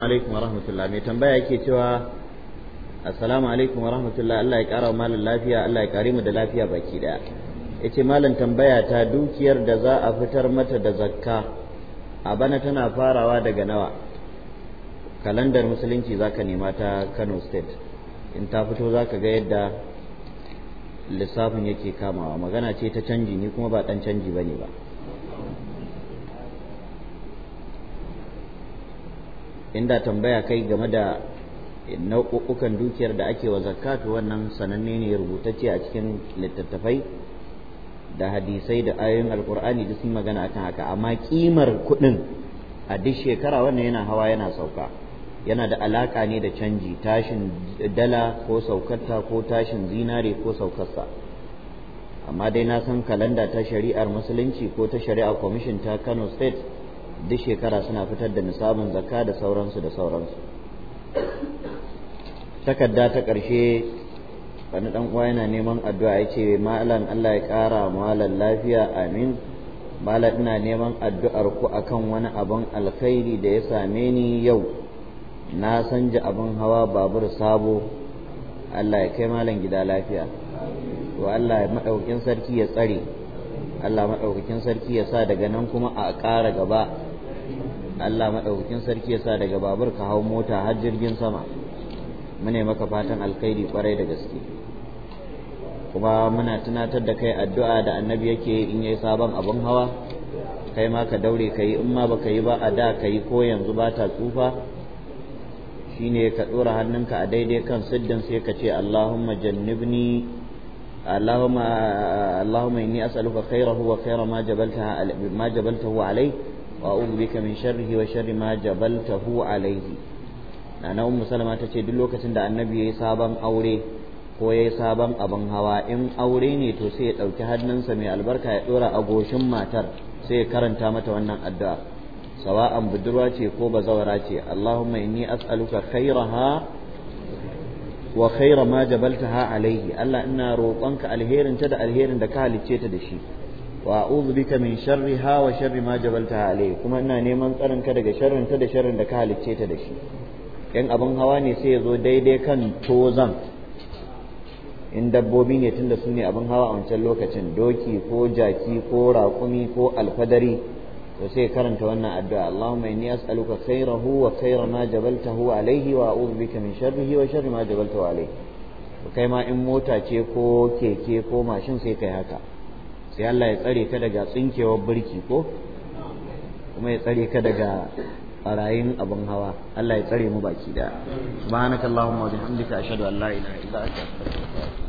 alaikum mai tambaya yake cewa assalamu alaikum warahmatullah Allah ya kara malam lafiya Allah ya kare mu da lafiya baki daya yace malam tambaya ta dukiyar da za a fitar mata da zakka a bana tana farawa daga nawa kalandar musulunci zaka nema ta Kano state in ta fito zaka ga yadda lissafin yake kamawa magana ce ta canji ni kuma ba dan canji bane ba inda tambaya kai game da nau'ukan dukiyar da ake wa zakatu wannan sananne ne rubutacce a cikin littattafai da hadisai da ayoyin alkur'ani da sun magana akan haka amma kimar kuɗin a duk shekara wannan yana hawa yana sauka yana da alaka ne da canji tashin dala ko saukarta ko tashin zinare ko saukarsa amma dai na san kalanda ta shari'ar musulunci ko ta shari'ar kwamishin ta kano state duk shekara suna fitar da nisabin zaka da sauransu da sauransu takarda ta ƙarshe wani ɗan uwa yana neman addu'a ya ce malam Allah ya ƙara malam lafiya amin malam ina neman addu'ar ku akan wani abin alkhairi da ya same ni yau na san ji abin hawa babur sabo Allah ya kai malam gida lafiya wa Allah maɗaukin sarki ya tsare Allah maɗaukin sarki ya sa daga nan kuma a ƙara gaba Allah maɗaukakin sarki ya sa daga babur ka hau mota har jirgin sama mune maka fatan alkhairi kwarai da gaske kuma muna tunatar da kai addu'a da annabi yake in yayi sabon abun hawa kai ma ka daure ka yi in ma baka yi ba a da ka yi ko yanzu ba ta tsufa shine ka ɗora hannunka a daidai kan siddin sai ka ce Allahumma jannibni Allahumma Allahumma inni as'aluka khairahu wa khaira ma jabaltahu ma jabaltahu alayhi وأعوذ بك من شره وشر ما جبلته ta ce أم lokacin da annabi ya yi sabon aure ko ya yi sabon abin hawa in aure ne to sai ya ɗauki hannunsa mai albarka ya ɗora a goshin matar sai ya karanta mata wannan addu'a sawa'an budurwa ce ko zawara ce Allahumma inni as'aluka khairaha wa khaira ma jabaltaha alaihi Allah ina roƙonka alherin ta da alherin da ka halicce ta da shi wa a'udhu bika min sharriha wa sharri ma jabalta alayhi kuma ina neman tsarin ka daga sharrin ta da sharrin da ka halicce ta da shi in abin hawa ne sai ya zo daidai kan tozan in dabbobi ne tunda su ne abin hawa a wancan lokacin doki ko jaki ko raƙumi ko alfadari to sai karanta wannan addu'a Allahumma inni as'aluka khairahu wa khaira ma jabaltahu alayhi wa a'udhu bika min sharrihi wa sharri ma jabaltahu alayhi kai ma in mota ce ko keke ko mashin sai kai haka sai Allah ya tsare ka daga tsinkewar birki ko kuma ya tsare ka daga barayin abin hawa Allah ya tsare mu baki da subhanakallahumma wa bihamdika ashhadu an la ilaha illa anta astaghfiruka